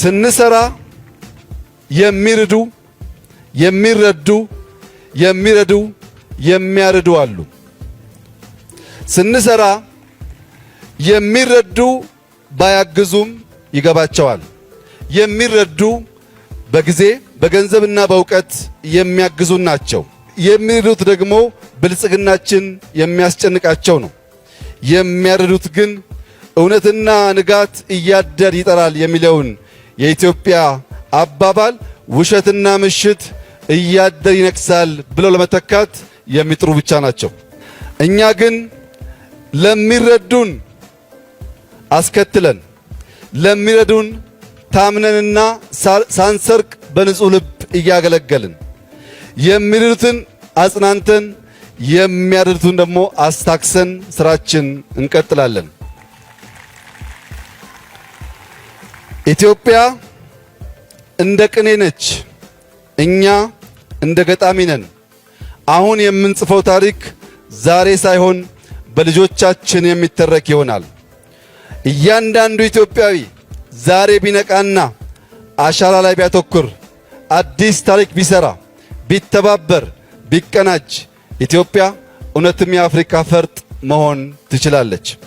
ስንሰራ የሚርዱ የሚረዱ የሚረዱ የሚያርዱ አሉ። ስንሰራ የሚረዱ ባያግዙም ይገባቸዋል። የሚረዱ በጊዜ በገንዘብና በእውቀት የሚያግዙ ናቸው። የሚርዱት ደግሞ ብልጽግናችን የሚያስጨንቃቸው ነው። የሚያርዱት ግን እውነትና ንጋት እያደር ይጠራል የሚለውን የኢትዮጵያ አባባል ውሸትና ምሽት እያደር ይነግሳል ብለው ለመተካት የሚጥሩ ብቻ ናቸው። እኛ ግን ለሚረዱን አስከትለን ለሚረዱን ታምነንና ሳንሰርቅ በንጹህ ልብ እያገለገልን የሚርዱትን አጽናንተን የሚያርዱትን ደግሞ አስታክሰን ስራችን እንቀጥላለን። ኢትዮጵያ እንደ ቅኔ ነች፣ እኛ እንደ ገጣሚ ነን። አሁን የምንጽፈው ታሪክ ዛሬ ሳይሆን በልጆቻችን የሚተረክ ይሆናል። እያንዳንዱ ኢትዮጵያዊ ዛሬ ቢነቃና አሻራ ላይ ቢያተኩር፣ አዲስ ታሪክ ቢሰራ፣ ቢተባበር፣ ቢቀናጅ ኢትዮጵያ እውነትም የአፍሪካ ፈርጥ መሆን ትችላለች።